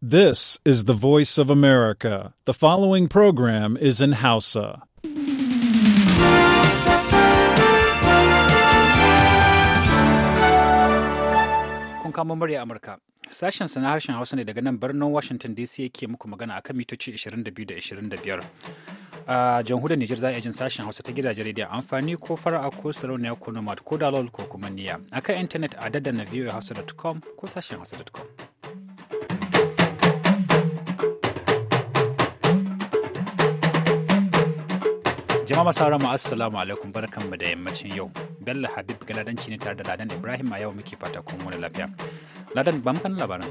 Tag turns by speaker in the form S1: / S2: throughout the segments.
S1: This is the voice of America. The following program is in Hausa.
S2: Kun kamo murya Amurka. Sashen sana harshen Hausa ne daga nan birnin Washington DC yake muku magana akan mitoci 22 da 25. a jamhuriyar Nijar za a jin sashen Hausa ta gidajen rediyo amfani ko fara'a ko sarauniya ko nomad ko dalol ko kuma niya. Akan intanet a daddana voahausa.com ko sashen hausa.com. Jama'a haramu assalamu alaikum mu da yammacin yau. Bello Habib Galadanci ne tare da Ladan Ibrahim a yau muke fata kuma wani lafiya. Ladan ba mu kan labaran.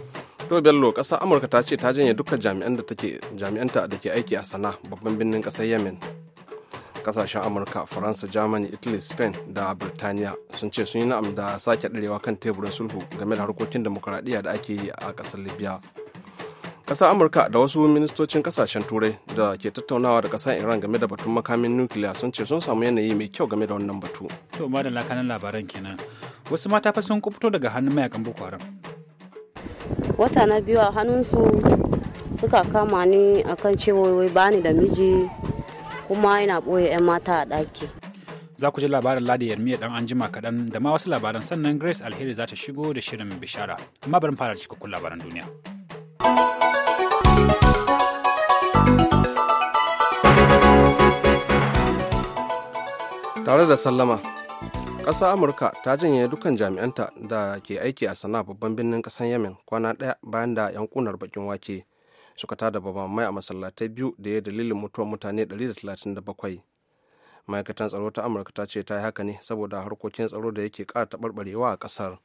S3: To Bello, ƙasa Amurka ta ce ta janye duka jami'an da take jami'anta da ke aiki a Sana, babban birnin ƙasar Yemen. Ƙasashen Amurka, Faransa, Germany, Italy, Spain da Birtaniya sun ce sun yi na'am da sake ɗarewa kan teburin sulhu game da harkokin demokuraɗiyya da ake yi a ƙasar Libya. ƙasar amurka da wasu ministocin kasashen turai da ke tattaunawa da ƙasar iran game da batun makamin nukiliya sun ce sun samu yanayi mai
S2: kyau game da wannan batu to ma da lakanan labaran kenan wasu mata fa sun kubuto daga hannun mayakan
S4: boko haram
S5: wata na biyu a hannunsu suka kama ni akan cewa wai bani da miji kuma yana boye 'yan mata a ɗaki
S2: za ku ji labarin ladi yarmiya dan anjima kaɗan da ma wasu labaran sannan grace alheri za ta shigo da shirin bishara amma bari fara cikakkun labaran duniya.
S6: tare
S3: da sallama ƙasa amurka ta janye dukkan jami'anta da ke aiki a sana'a babban birnin ƙasar yamin kwana ɗaya bayan da 'yan yankunar bakin wake suka tada mai a masallatai biyu da ya dalilin mutuwar mutane 137 ma'aikatan tsaro ta amurka ta ce ta yi haka ne saboda harkokin tsaro da yake ƙara taɓarɓarewa a ƙasar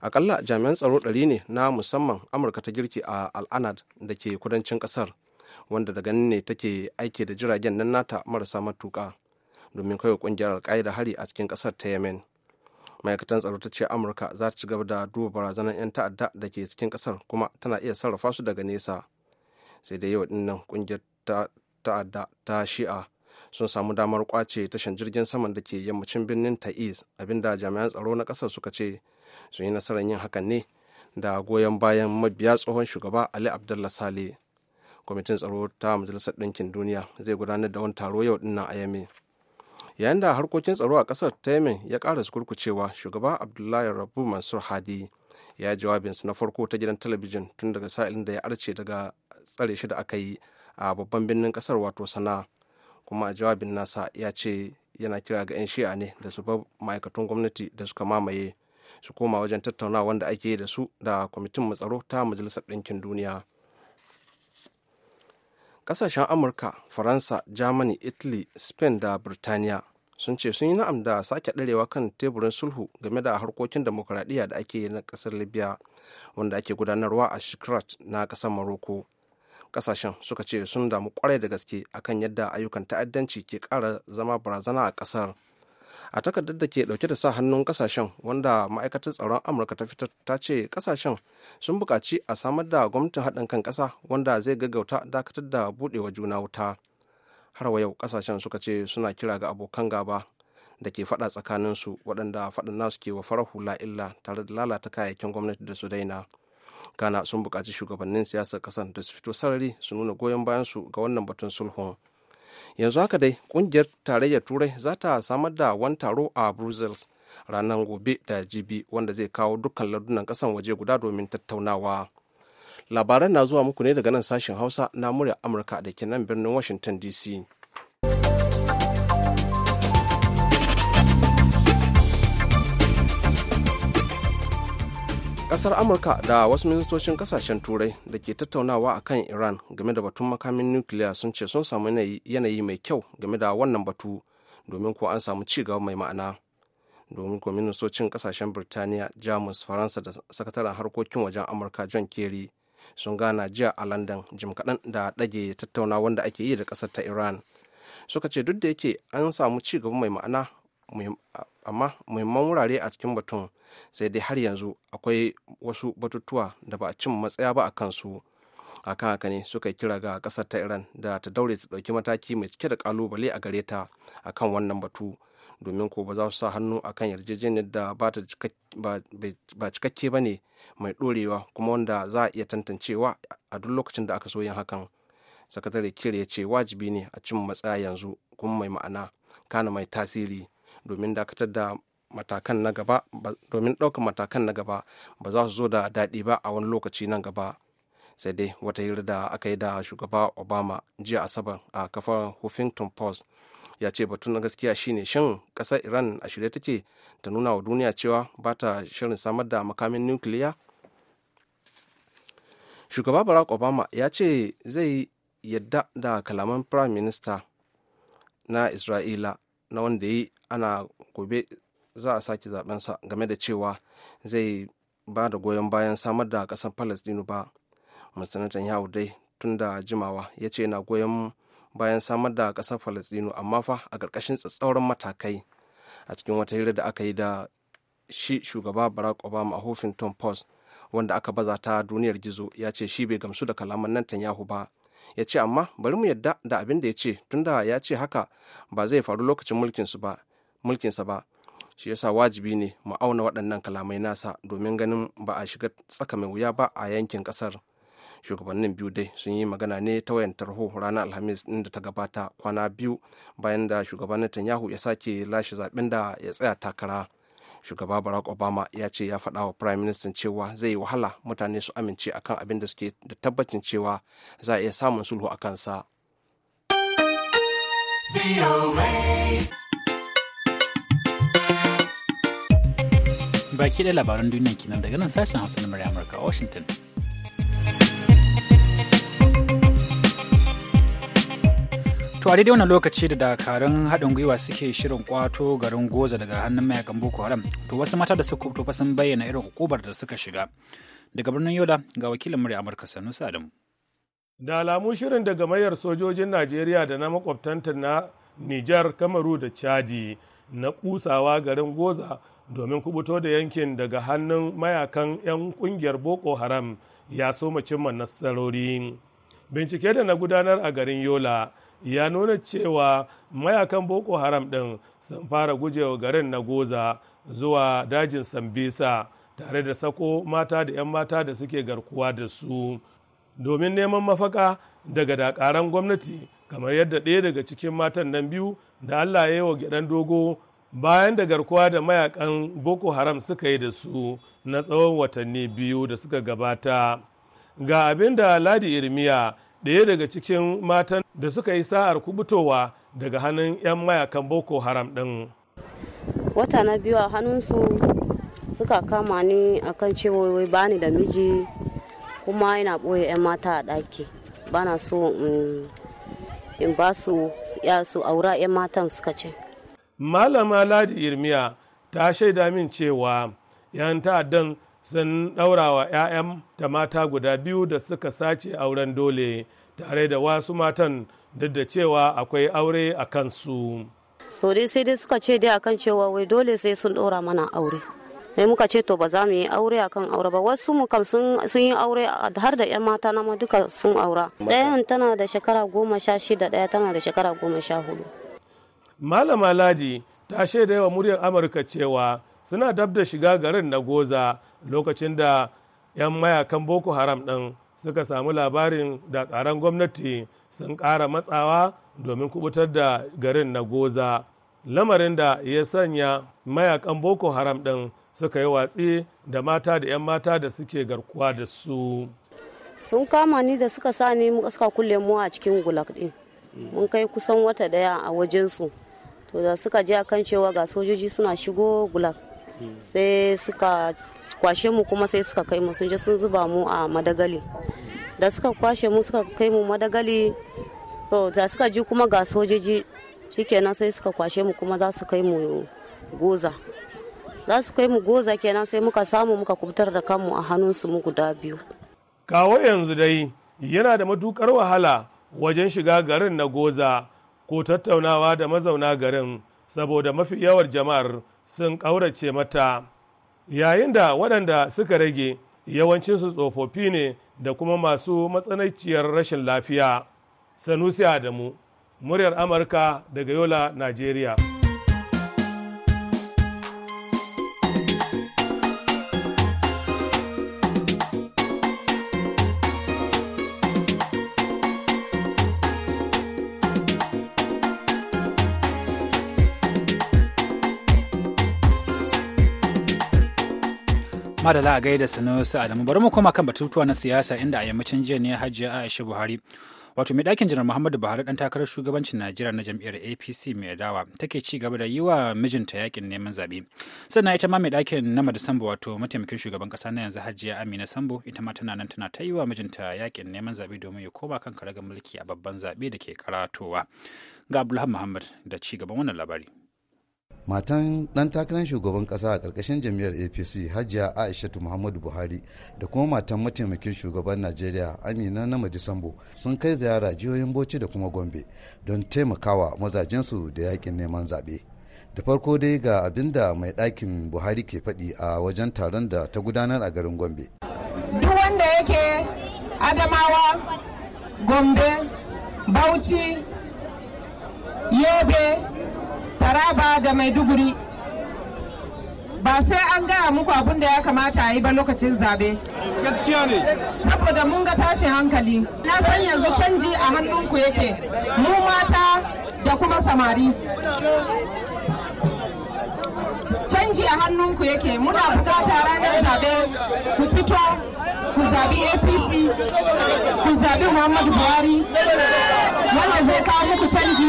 S3: akalla jami'an tsaro ɗari ne na musamman amurka ta girki a al'anad da ke kudancin ƙasar wanda daga ne take aiki da jiragen nan nata marasa matuƙa domin kai kungiyar alkaida hari a cikin kasar ta yemen ma'aikatan tsaro ta ce amurka za ta ci gaba da duba barazanar 'yan ta'adda da ke cikin kasar kuma tana iya sarrafa su daga nesa sai dai yau dinnan kungiyar ta'adda ta shi'a sun samu damar kwace tashan jirgin saman da ke yammacin birnin ta'iz abinda jami'an tsaro na kasar suka ce sun yi nasarar yin hakan ne da goyon bayan mabiya tsohon shugaba ali abdullah sale kwamitin tsaro ta majalisar ɗinkin duniya zai gudanar da wani taro yau dinnan a yamin. yayin da harkokin tsaro a kasar ta yemen ya ƙara kurkucewa shugaba abdullahi rabu mansur hadi ya jawabinsa na farko ta gidan talabijin tun daga sa'ilin da ya arce daga tsare shi da aka yi a babban birnin kasar wato sana kuma a jawabin nasa ya ce yana kira ga 'yan shi'a ne da su bar ma'aikatun gwamnati da suka mamaye su koma wajen tattaunawa wanda ake da su da kwamitin matsaro ta majalisar ɗinkin duniya kasashen amurka faransa germany italy spain da birtaniya sun ce sun yi na'am da sake ɗarewa kan teburin sulhu game da harkokin demokuraɗiyya da ake yi na ƙasar libya wanda ake gudanarwa a shikrat na ƙasar maroko ƙasashen suka ce sun damu kwarai da gaske akan yadda ayyukan ta'addanci ke ƙara zama barazana a ƙasar a takardar da ke dauke da sa hannun kasashen wanda ma'aikatar tsaron amurka ta fitar ta ce kasashen sun bukaci a samar da gwamnatin haɗin kan kasa wanda zai gaggauta dakatar da buɗewa juna wuta har wa yau kasashen suka ce suna kira ga abokan gaba da ke faɗa su waɗanda faɗin nasu ke wa farar hula illa tare da lalata kayayyakin gwamnati da su daina kana sun bukaci shugabannin siyasar ƙasar da su fito sarari su nuna goyon bayansu ga wannan batun sulhun yanzu haka dai kungiyar tarayyar turai za ta samar da wani taro a brussels ranar gobe da jibi wanda zai kawo dukkan lardunan kasan waje guda domin tattaunawa labaran na zuwa muku ne daga nan sashen hausa na murya amurka da ke nan birnin washington dc kasar amurka da wasu ministocin kasashen turai da ke tattaunawa a kan iran game da batun makamin nukiliya sun ce sun samu yanayi mai kyau game da wannan batu domin ko an samu ci gaba mai ma'ana domin ko ministocin kasashen birtaniya jamus faransa da sakataren harkokin wajen amurka john kerry sun gana jiya a london jim kaɗan da ɗage tattaunawan da ake yi da ƙasar ta iran suka ce duk da yake an samu ci gaba mai ma'ana amma muhimman wurare a cikin batun sai dai har yanzu akwai wasu batutuwa da ba a cin matsaya ba a kansu akan haka ne suka kira ga kasar ta iran da ta daure ta ɗauki mataki mai cike da kalubale a gare ta a kan wannan batu domin ko ba za su sa hannu a kan yarjejeniyar da ba cikakke ba ne mai ɗorewa kuma wanda za a iya tantancewa a duk lokacin da aka so yin hakan sakatare kira ya ce wajibi ne a cin matsaya yanzu kuma mai ma'ana kana mai tasiri domin dakatar da matakan na gaba domin ɗaukar matakan na gaba ba za su zo da daɗi ba a wani lokaci nan gaba sai dai wata hira da aka yi da shugaba obama jiya asabar a kafar huffington post ya ce batun na gaskiya shine shin ƙasar iran a shirye take ta nuna wa duniya cewa ba ta shirin samar da makamin nukiliya shugaba barack obama ya ce zai yadda da kalaman prime minister na isra'ila na wanda yi ana gobe za a sake zabensa game da cewa zai ba da goyon bayan samar da ƙasar palestinu ba mr netanyahu dai tun da jimawa ya ce na goyon bayan samar da ƙasar palestinu amma fa a ƙarƙashin tsatsauran matakai a cikin wata hira da aka yi da shi shugaba barack obama a hofin tom post wanda aka baza ta duniyar gizo ya ce shi bai gamsu da kalaman yahu ba ya ce amma bari mu yadda da abin da ya ce tunda ya ce haka ba zai faru lokacin mulkinsa ba shi yasa wajibi ne mu auna waɗannan kalamai nasa domin ganin ba a shiga tsaka mai wuya ba a yankin ƙasar shugabannin biyu dai sun yi magana ne ta wayan tarho ranar alhamis din da ta gabata kwana biyu bayan da shugaban netanyahu ya sake lashe zaben da ya tsaya takara shugaba barack obama ya ce ya faɗa wa prime minister cewa zai yi wahala mutane su amince akan abin da suke da tabbacin cewa za a iya samun sulhu
S2: a kansa baki da labaran duniya kenan daga nan sashen hausa na murya amurka washington To a daidai wannan lokaci da dakarun haɗin gwiwa suke shirin kwato garin Goza daga hannun mayakan Boko Haram, to wasu mata da suka fito sun bayyana irin hukubar da suka
S4: shiga. Daga birnin Yola ga wakilin murya Amurka Sanusi Adamu. Da alamun shirin daga mayar sojojin Najeriya da na makwabtanta na Nijar, Kamaru da Chadi na kusawa garin Goza domin kubuto da yankin daga hannun mayakan 'yan kungiyar Boko Haram ya soma cimma nasarori. Bincike da na gudanar a garin Yola ya nuna cewa mayakan boko haram ɗin sun fara gujewa garin na goza zuwa dajin sambisa tare da sako mata da 'yan mata da suke garkuwa da su domin neman mafaka daga dakaran gwamnati kamar yadda ɗaya daga cikin matan nan biyu da allah ya yi wa gidan dogo bayan da garkuwa da mayakan boko haram suka yi da su na tsawon watanni biyu da suka gabata ga abin da ladi irmiya ɗaya daga cikin matan da suka yi sa'ar kubutowa daga hannun 'yan mayakan boko haram ɗin
S5: wata na biyu a hannunsu suka kama ni akan cewa ba ni da miji kuma yana ɓoye 'yan mata a ɗaki ba na so in ba su ya aura 'yan matan suka ce
S4: malama ladi irmiya ta shaida min cewa 'yan ta'addan sun ɗaura wa 'ya'yan ta mata guda biyu da suka sace auren dole tare da wasu matan duk da cewa akwai aure a kansu.
S5: to dai sai dai suka ce dai akan cewa wai dole sai sun ɗora mana aure sai muka ce to ba za mu yi aure akan aure ba wasu mu kam sun yi aure har da yan mata na duka sun aura ɗayan tana da shekara goma sha shida ɗaya tana da shekara goma sha hudu
S4: malama ladi ta shaida wa muryar amurka cewa suna dab da shiga garin na goza lokacin da 'yan mayakan boko haram ɗin suka samu labarin da ƙaran gwamnati sun ƙara matsawa domin kubutar da garin na goza lamarin da ya sanya mayakan boko haram ɗin suka yi watsi da mata da 'yan mata da suke garkuwa da su
S5: sun kama ni da suka sa ni suka kulle mu a cikin gulak ɗin mun kai kusan wata daya a wajensu to da suka je akan cewa ga sojoji suna shigo gulak sai suka kwashe mu kuma sai suka kai mu sun je sun zuba mu a madagali da suka kwashe mu suka kai mu madagali to da suka ji kuma ga sojoji shikenan sai suka kwashe mu kuma za su kai mu goza za su kai mu goza kenan sai muka samu muka kubutar da kanmu a hannunsu mu guda biyu
S4: kawo yanzu dai yana da matukar wahala wajen shiga garin na goza ko tattaunawa da mazauna garin saboda mafi yawar jama'ar sun ƙaurace mata yayin da waɗanda suka rage yawancinsu tsofaffi ne da kuma masu matsananciyar rashin lafiya sanusi adamu muryar amurka daga yola najeriya
S2: adala a gaida sanusi adamu bari mu koma kan batutuwa na siyasa inda a yammacin jiya ne hajiya aisha buhari wato mai dakin janar muhammadu buhari ɗan takarar shugabancin najeriya na jam'iyyar apc mai dawa take ci gaba da yi wa mijinta yakin neman zaɓe sannan ita ma mai dakin nama da sambo wato mataimakin shugaban ƙasa na yanzu hajiya amina sambo ita ma tana nan tana ta yi wa mijinta yakin neman zaɓe domin ya koma kan karagar mulki a babban zaɓe da ke karatowa ga abdulhamid muhammad da ci gaban wannan labari
S6: matan dan takarar shugaban kasa a karkashin jam'iyyar apc hajiya aishatu muhammadu buhari da kuma matan mataimakin shugaban najeriya amina na disambo sun kai ziyara jihohin bauchi da kuma gombe don taimakawa mazajensu da yakin neman zaɓe da farko dai ga abin da mai ɗakin buhari ke faɗi a wajen taron da ta gudanar a garin
S1: gombe duk wanda yake adamawa gombe bauchi yobe taraba da maiduguri ba sai an gaya muku abin da ya kamata a yi ba lokacin zabe gaskiya ne saboda mun ga tashin hankali na san yanzu canji a
S7: hannunku yake mu mata da kuma samari jiya hannunku yake muna bukata ranar zabe ku
S1: fito ku zabi apc ku zabi muhammadu buhari wanda zai kawo muku canji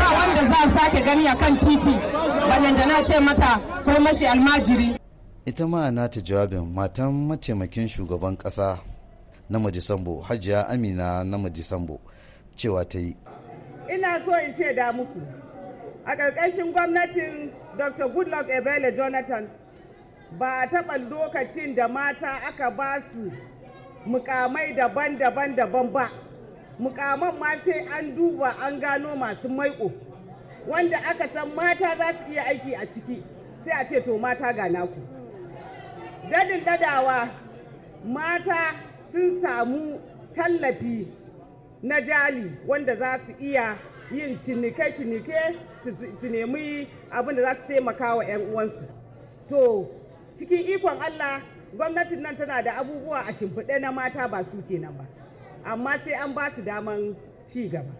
S1: ba wanda za a sake gani a kan titi da na ce mata ko mashi almajiri
S6: ita ma na ta jawabin matan mataimakin shugaban kasa na majisambo hajiya amina na majisambo
S1: cewa ta yi ina so in ce da muku a ƙarƙashin gwamnatin dr goodluck ebele jonathan ba a taɓa lokacin da mata aka ba su mukamai daban-daban daban ba mukaman ma sai an duba an gano masu maiƙo wanda aka san mata za su iya aiki a ciki sai a ce to mata ga naku dadin dadawa mata sun samu tallafi na jali wanda za su iya yin cinike-cinike su nemi abin da za su taimaka wa 'yan uwansu to cikin ikon allah gwamnatin nan tana da abubuwa a shimfiɗe na mata ba su kenan ba amma sai an ba su daman ci gaba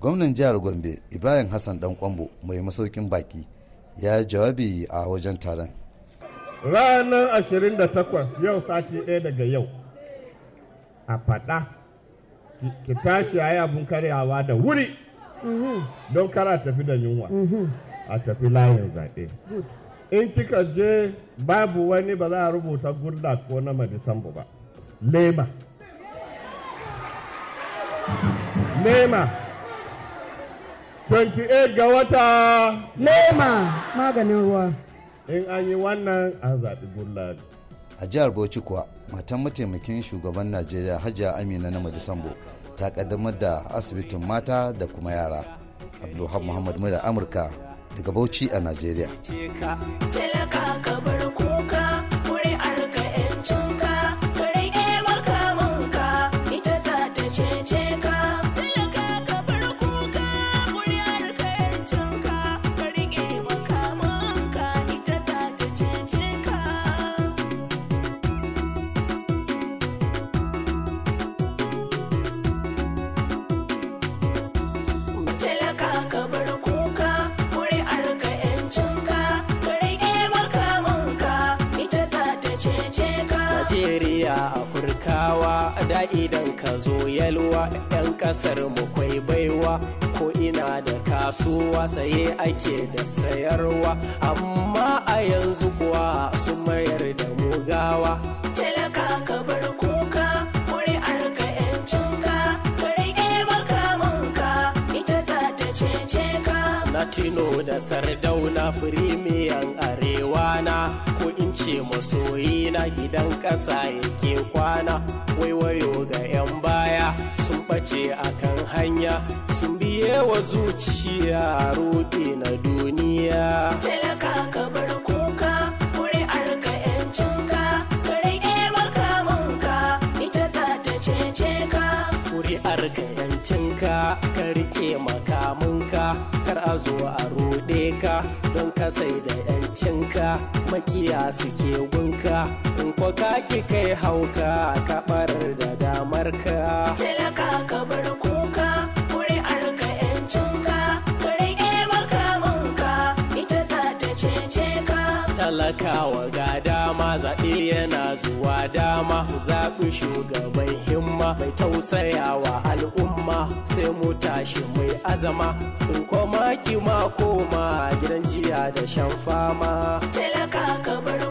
S6: gwamnan jihar gombe ibrahim hassan dan kwambo mai masaukin baki ya jawabi a wajen taron
S8: ranar 28 yau sati ɗaya daga yau a faɗa ki tashi a yi abin karyawa da wuri Mm-hmm. don kara tafi da yunwa mm-hmm. a tafi layin zaɓe in kika je babu wani ba za a rubuta gurla ko na madisambu ba lema
S5: lema 28 ga wata lema
S1: maganin ruwa
S6: in an yi wannan an zaɓi gurla a jihar bauchi kuwa matan mataimakin shugaban najeriya hajiya amina na madisambu ta kaddamar da asibitin mata da kuma yara abdulhab muhammad da amurka daga bauchi a najeriya
S9: baiwa 'yan kasar mu kwai baiwa ko ina da kasuwa saye ake da sayarwa amma a yanzu kuwa su mayar da mugawa Tino da Sardauna firimiyan na, ko in ce masoyi na gidan ƙasa yake kwana waiwayo ga 'yan baya sun ɓace kan hanya sun biye wa zuciya a rute na duniya.
S10: Talaka ka bar kuka ka ita za Ƙuri'ar
S9: ka ka rike maka. kar a zo a ruɗe ka don ka da yancinka makiya suke gunka in kwa ka ki kai hauka a kaɓarar da damar ka talaka
S10: ka bar kuka kuri'ar ka yancinka kare makamanka ita za ta cece ka
S9: talakawa yana zuwa dama zaɓi shugaban himma mai tausayawa al'umma sai mu tashi mai azama in koma ma koma gidan jiya da shan fama
S10: talaka ka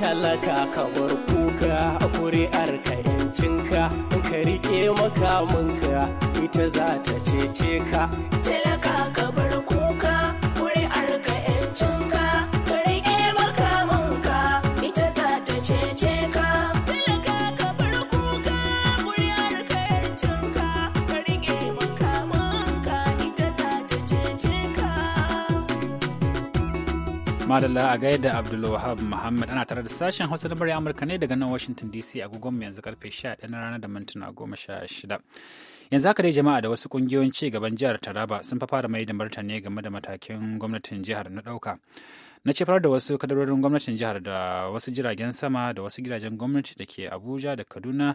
S9: talaka ka bar kuka kuri'ar ka yancinka ka rike makaminka ita za ta cece ka
S2: Madalla a gaida Abdulwahab Muhammad ana tare da sashen Hausa na murya Amurka ne daga nan Washington DC agogon mu yanzu karfe 11 na rana da mintuna 16. Yanzu haka dai jama'a da wasu kungiyoyin ci gaban jihar Taraba sun fa fara mai da martani game da matakin gwamnatin jihar na dauka Na cefar da wasu kadarorin gwamnatin jihar da wasu jiragen sama da wasu gidajen gwamnati da ke Abuja da Kaduna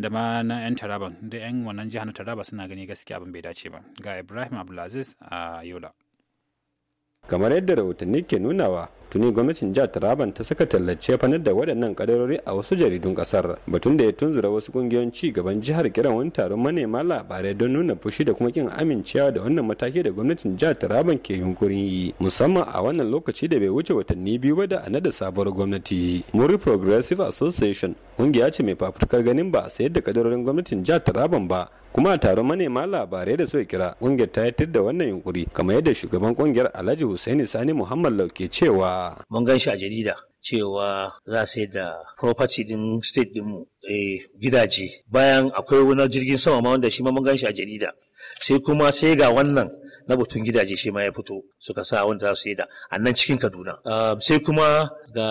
S2: da ma na 'yan Taraban da 'yan wannan jihar na Taraba suna gani gaskiya abin bai dace ba. Ga Ibrahim Abdulaziz a Yola.
S8: kamar yadda rahotanni ke nunawa tuni gwamnatin jihar taraban ta saka tallace fanar da waɗannan kadarori a wasu jaridun kasar batun da ya tunzura wasu kungiyoyin ci gaban jihar kiran wani taron manema labarai don nuna fushi da kuma kin amincewa da wannan mataki da gwamnatin jihar taraban ke yunkurin yi musamman a wannan lokaci da bai wuce watanni biyu ba da a nada sabuwar gwamnati muri progressive association ƙungiya ce mai fafutukar ganin ba a sayar da kadarorin gwamnatin jihar taraban ba kuma a taron manema labarai da suka kira ƙungiyar ta da wannan yunkuri kamar yadda shugaban kungiyar alhaji hussaini sani muhammad lauke cewa mun gan shi a jarida
S7: cewa za sai da property din state dinmu eh, gidaje bayan akwai wani jirgin sama ma wanda shi ma mun gan shi a jarida sai kuma sai ga wannan na batun gidaje shi ma ya fito suka sa wanda za su yi da a cikin kaduna ah, sai kuma ga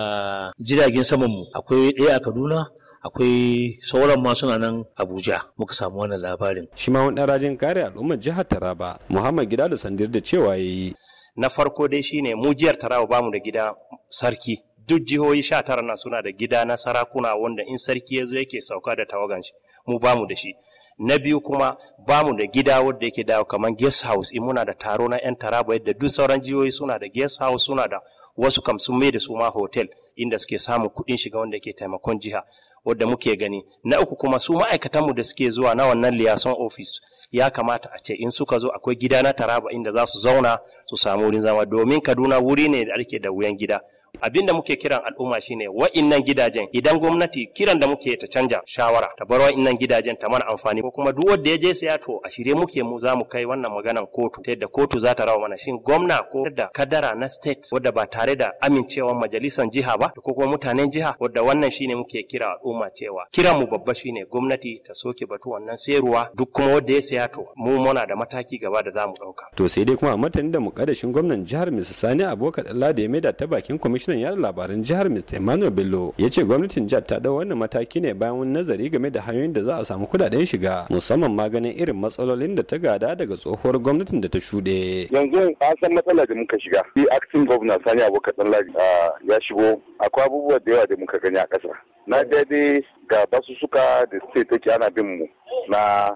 S7: jiragen saman mu akwai ɗaya a kaduna akwai sauran masu nan abuja muka samu
S8: wannan labarin shi ma wani rajin kare al'ummar jihar taraba muhammad gida da sandir da cewa ya yi
S7: na farko dai shine mu jiyar Taraba bamu da gida sarki duk jihohi sha tara na suna da gida na sarakuna wanda in sarki ya zo yake sauka da tawagan shi mu bamu da shi na biyu kuma bamu da gida wanda yake dawo kamar guest house in muna da taro na yan taraba yadda duk sauran jihohi suna da guest house suna da wasu kam mai da su ma hotel inda suke samun kuɗin shiga wanda yake taimakon jiha wadda muke gani na uku kuma su ma'aikatanmu da suke zuwa na wannan liyason ofis ya kamata a ce in suka zo akwai gida na taraba inda za su zauna su samu wurin zama domin kaduna wuri ne da ake da wuyan gida abin da muke kiran al'umma shine wa'innan gidajen idan gwamnati kiran da muke ta canja shawara ta bar innan gidajen ta mana amfani ko kuma duk wanda ya je saya to a shirye muke mu za mu kai wannan maganan kotu ta yadda kotu za ta rawa mana shin gwamna ko da kadara na state wadda ba tare da amincewar majalisar jiha ba ko kuma mutanen jiha wadda wannan shine muke kira al'umma cewa kiran mu babba shine gwamnati ta soke batu wannan sayarwa duk kuma wanda ya saya to mu muna da mataki gaba da za mu ɗauka.
S8: To sai dai kuma a matanin da mukaddashin gwamnan jihar Mr. Sani Abubakar Allah da ya maida ta bakin kwamishin kwamishinan yada labaran jihar mr emmanuel bello ya ce gwamnatin jihar ta dau wannan mataki ne bayan wani nazari game da hanyoyin da za a samu kudaden shiga musamman maganin irin matsalolin da ta gada daga tsohuwar gwamnatin da ta shuɗe
S6: yanzu an san matsala da muka shiga Bi acting governor sani abokan ɗanladi ya shigo akwai abubuwa da yawa da muka gani a ƙasa na daidai ga basussuka da state take ana bin mu na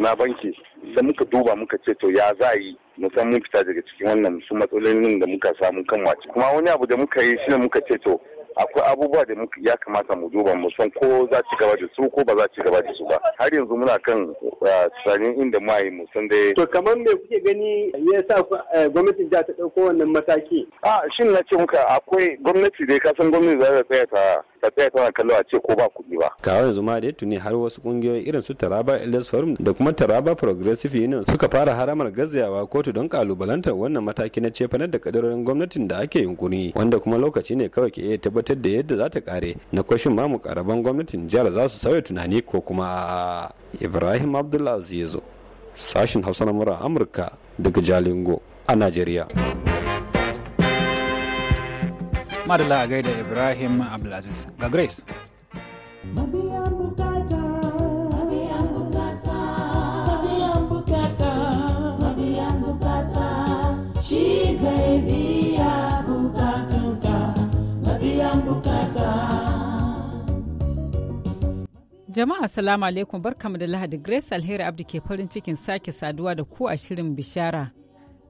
S6: na banki Sai muka duba muka ce to ya za yi Musamman fita daga cikin wannan su matsalolin da muka samu kan wace kuma wani abu da muka yi ne muka ce to akwai abubuwa da ya kamata mu duba mu san ko za ci gaba da su ko ba za ci gaba da su ba har yanzu muna kan eh, tsarin inda mu yi musan da dai to kamar
S8: me kuke gani ya sa eh, ta dauko wannan mataki a ah, shin na ce muka akwai gwamnati dai kasan gwamnati
S6: za ta tsaya ta ka tsaya kana kallo a ko ba kuɗi ba.
S8: Kawo yanzu ma da tuni har wasu kungiyoyi irin su Taraba Elders Forum da kuma Taraba Progressive Union suka fara haramar gazayawa kotu don kalubalantar wannan mataki na cefanar da kadarorin gwamnatin da ake yunkuri wanda kuma lokaci ne kawai ke iya tabbatar da yadda za ta kare na kwashin mamu karaban gwamnatin jihar za su sauya tunani ko kuma Ibrahim Abdulaziz sashin Hausa na Amurka daga Jalingo
S2: a Najeriya. madala a gaida ibrahim abdulaziz ga grace
S1: Jama'a salamu alaikum barkamu da Lahadi Grace Alheri Abdi ke farin cikin sake saduwa da ku a shirin bishara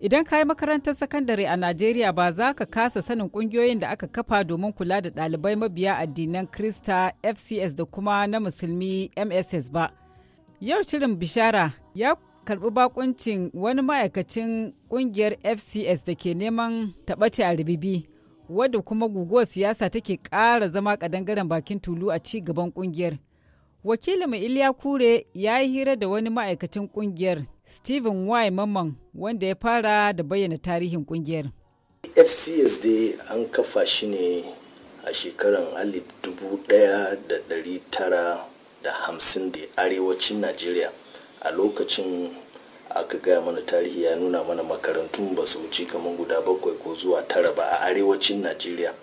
S1: Idan ka yi makarantar sakandare a Najeriya ba za ka kasa sanin kungiyoyin da aka kafa domin kula da ɗalibai mabiya addinan Krista FCS da kuma na Musulmi MSS ba. Yau shirin bishara ya karɓi bakuncin wani ma'aikacin kungiyar FCS da ke neman taɓace a ribibi, wadda kuma guguwar siyasa take ƙara zama ƙadangaren bakin tulu a ci gaban kungiyar. Wakilinmu Iliya Kure ya yi hira da wani ma'aikacin kungiyar Stephen Y. Mamman wanda ya fara da bayyana tarihin kungiyar.
S11: FCS dai an kafa shi ne a shekarar 1950 da da arewacin Najeriya a lokacin aka gaya mana tarihi ya nuna mana makarantun ba su wuce kamar guda bakwai ko zuwa tara ba a arewacin Najeriya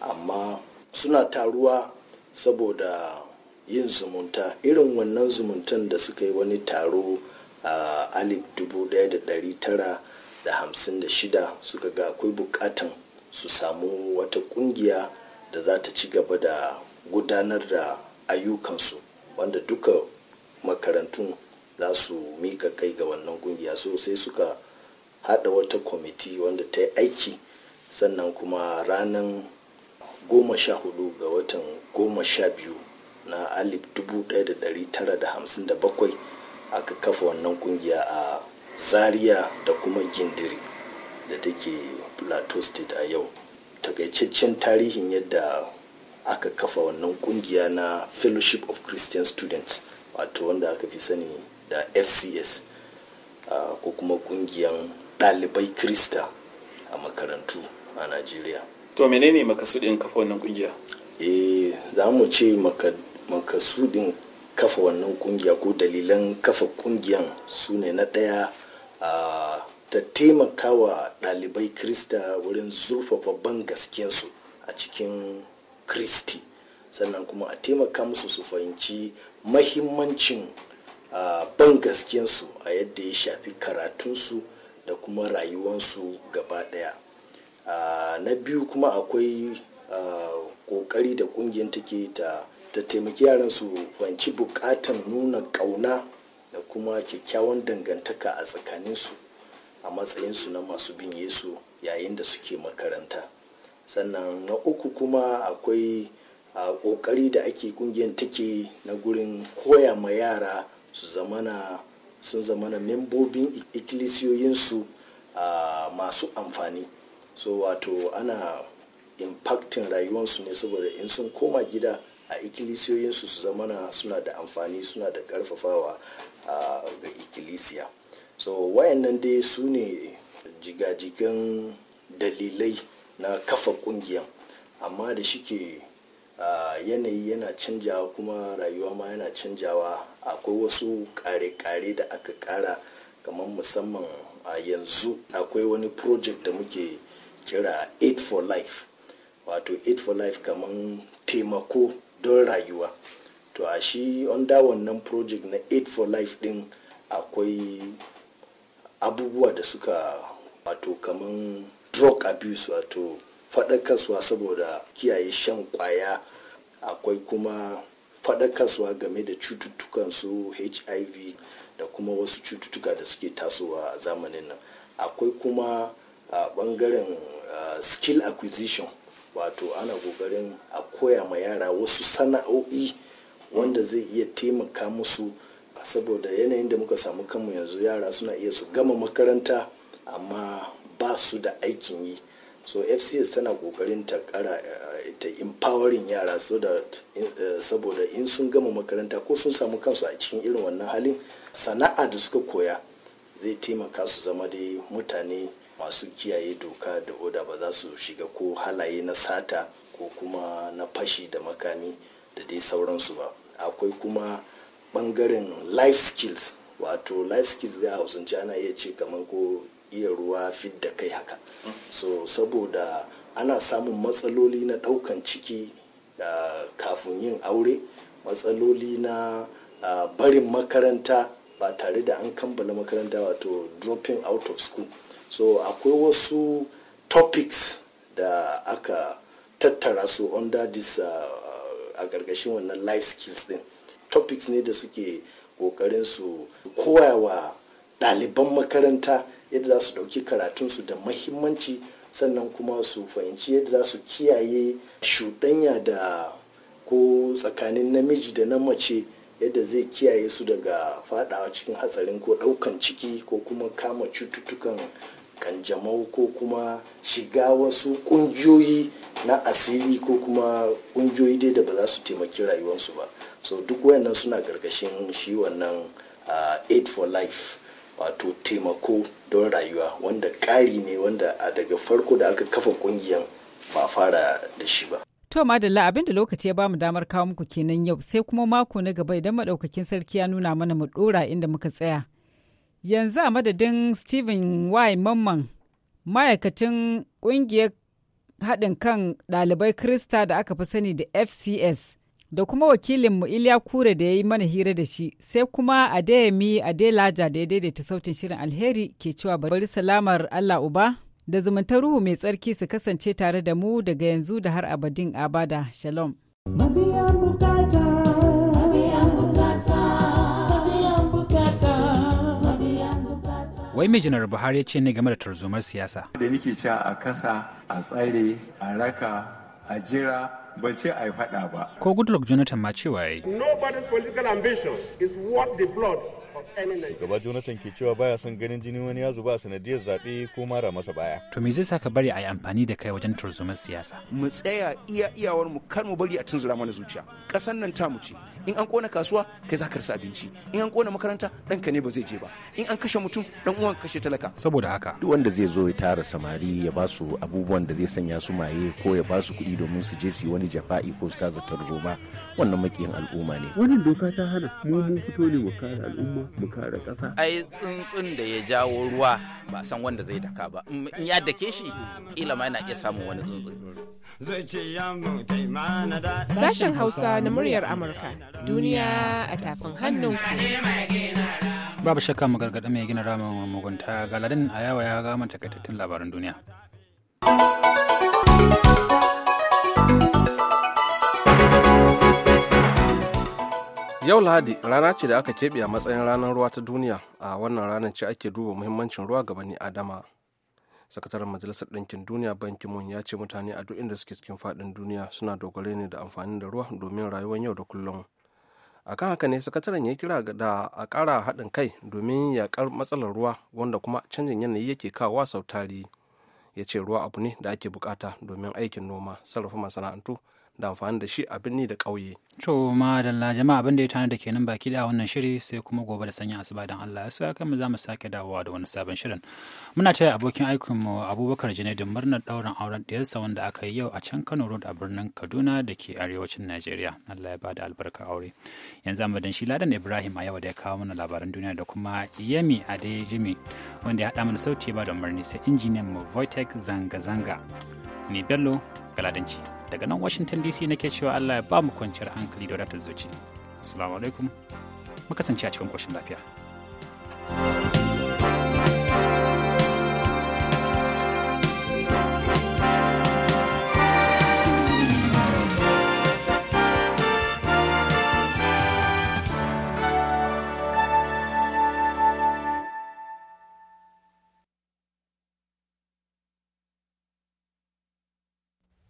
S11: amma suna taruwa saboda yin zumunta irin wannan zumuntan da suka yi wani taro a 1956 suka ga akwai bukatan su samu wata kungiya da za ta ci gaba da gudanar da ayyukansu wanda duka makarantun za su mika kai ga wannan kungiya so sai suka hada wata kwamiti wanda ta yi aiki sannan kuma ranar goma ga watan goma na 1957. aka kafa wannan kungiya a zaria da kuma gindiri da take plateau state a yau takaitaccen tarihin yadda aka kafa wannan kungiya na fellowship of christian students wato wanda aka fi sani da fcs ko kuma kungiyan ɗalibai krista a makarantu a najeriya to menene makasudin kafa wannan kungiya eh za mu ce makasudin kafa wannan kungiya ko dalilan kafa kungiyan su ne na ɗaya ta taimaka wa ɗalibai krista wurin zurfafa ban gaskensu a cikin kristi sannan kuma a taimaka musu su fahimci mahimmancin ban gaskensu a yadda ya shafi karatunsu da kuma rayuwansu gaba ɗaya na biyu kuma akwai ƙoƙari da ƙungiyar take ta ta taimaki yaran su fahimci bukatan nuna kauna da kuma kyakkyawan dangantaka a tsakanin su a matsayin su na masu bin yesu yayin da suke makaranta sannan na uku kuma akwai ƙoƙari da ake ƙungiyar take na gurin koya ma yara su zamana sun zamana membobin masu amfani so wato ana impactin rayuwarsu ne saboda in sun koma gida a ikkilisiyoyinsu su zamana suna da amfani suna da karfafawa ga ikkilisiya so wayannan dai su ne jigajigan dalilai na kafa kungiyan amma da shi ke yanayi yana canjawa kuma rayuwa ma yana canjawa akwai wasu kare-kare da aka kara kamar musamman a yanzu akwai wani project da muke kira 8 for life wato 8 for life kamar taimako don rayuwa to a shi onda wannan project na aid for life din akwai abubuwa da suka wato kaman drug abuse wato faɗakaswa saboda kiyaye shan kwaya akwai kuma faɗakaswa game da cututtukan su hiv da kuma wasu cututtuka da suke tasowa a zamanin nan akwai kuma a bangaren skill acquisition wato ana ƙoƙarin a koya ma yara wasu sana'o'i wanda zai iya taimaka musu saboda yanayin da muka samu kanmu yanzu yara suna iya su gama makaranta amma ba su da aikin yi so fcs tana kokarin ta kara eh, ta empowering yara eh, saboda in sun gama makaranta ko sun samu kansu a cikin irin wannan halin sana'a da suka koya zai taimaka su zama dai mutane masu kiyaye doka da oda ba za su shiga ko halaye na sata ko kuma na fashi da makami da dai sauransu ba akwai kuma bangaren life skills wato life skills zai hausance ana iya ce kamar ko iya ruwa fit da kai haka so saboda ana samun matsaloli na daukan ciki kafin yin aure matsaloli na barin makaranta ba tare da an kammala makaranta wato dropping out of school so akwai wasu topics da aka tattara su under this uh, a gargashin wannan life skills din topics ne da suke kokarin su koyawa ɗaliban makaranta yadda za su ɗauki karatunsu da mahimmanci sannan kuma su fahimci yadda za su kiyaye shuɗanya da ko tsakanin namiji da na mace yadda zai kiyaye su daga fadawa cikin hatsarin ko ɗaukan ciki ko kuma kama cututtukan kanjamau ko kuma shiga wasu kungiyoyi na asiri ko kuma kungiyoyi dai da ba za su taimaki rayuwarsu ba so duk wayannan suna gargashin shi wannan aid for life wato taimako don rayuwa wanda ƙari ne wanda a daga farko da aka kafa kungiyan ba fara da shi ba
S1: To Madalla abin da lokaci ya bamu damar kawo muku kenan yau sai kuma mako na gaba idan madaukakin sarki ya nuna mana mu dora inda muka tsaya. yanzu a madadin stephen y mamman ma'aikacin ƙungiyar haɗin kan ɗalibai krista da aka fi sani da fcs da kuma wakilinmu iliya kure da ya yi mana hira da shi sai kuma a adeyemi adelaja da ya daidaita sautin shirin alheri ke cewa bari salamar allah uba da zumunta ruhu mai tsarki su kasance tare da mu daga yanzu da har abadin abada shalom
S2: Wai mai janar Buhari ya ce ne game da tarzomar siyasa. Da nake cewa a kasa, a tsare, a raka, a jira,
S8: ban ce a yi faɗa ba.
S2: Ko Goodluck Jonathan ma cewa ya yi.
S3: Nobody's political ambition is worth
S2: the blood Shugaba Jonathan ke cewa baya son ganin jini wani ya zuba sanadiyar zaɓe ko mara masa baya. To me zai saka bari a yi amfani da kai wajen turzumar siyasa? Mu tsaya iya iyawar mu kar mu bari a tunzura mana zuciya. Ƙasar nan ta mu ce. In an kona kasuwa kai za ka rasa abinci.
S3: In an kona makaranta ka ne ba zai je ba. In an kashe mutum ɗan uwan kashe talaka.
S11: Saboda haka. Duk wanda zai zo ya tara samari ya ba su abubuwan da zai sanya su maye ko ya ba su kuɗi domin su je su yi wani jafa'i ko su zata tarzoma wannan makiyin al'umma ne.
S2: Wannan doka ta hana mu mun
S11: fito ne wa al'umma kare ƙasa.
S2: Ai tsuntsun da ya jawo ruwa ba san wanda zai daka ba. In ya dake shi kila ma yana iya samun wani tsuntsun.
S9: Sashen Hausa na muryar Amurka duniya a tafin hannunku.
S2: Babu shakka gargaɗa mai gina ramin mugunta galadin a yawa ya gama takaitattun labaran duniya. yau lahadi rana ce da aka
S3: keɓe a matsayin ranar ruwa ta duniya a wannan ranar ce ake duba muhimmancin ruwa ga bani adama sakataren majalisar ɗinkin duniya bankin mun ya ce mutane a duk inda suke cikin faɗin duniya suna dogare ne da amfani da ruwa domin rayuwar yau da kullum akan haka ne sakataren ya kira da a ƙara haɗin kai domin yaƙar matsalar ruwa wanda kuma canjin yanayi yake kawo wa sautari, ya ce ruwa abu ne da ake bukata domin aikin noma sarrafa masana'antu
S2: da amfani da shi abin ni da ƙauye. To madalla jama'a abin da ya tanada kenan baki da wannan shiri sai kuma gobe da sanya asuba don Allah ya suka mu za mu sake dawowa da wani sabon shirin. Muna taya abokin aikinmu Abubakar Junaidu murnar ɗaurin auren ɗiyarsa wanda aka yi yau a can Kano Road a birnin Kaduna da ke arewacin Najeriya. Allah ya bada albarkar aure. Yanzu dan shi Ladan Ibrahim a yau da ya kawo mana labaran duniya da kuma Yemi Adejimi wanda ya haɗa mana sauti ba da umarni sai injiniyan mu Voitech zanga-zanga. Ni Bello galadanci daga nan washington dc na ke cewa allah ya ba mu kwanciyar hankali da wadatar zuci assalamu alaikum mu kasance a cikin koshin lafiya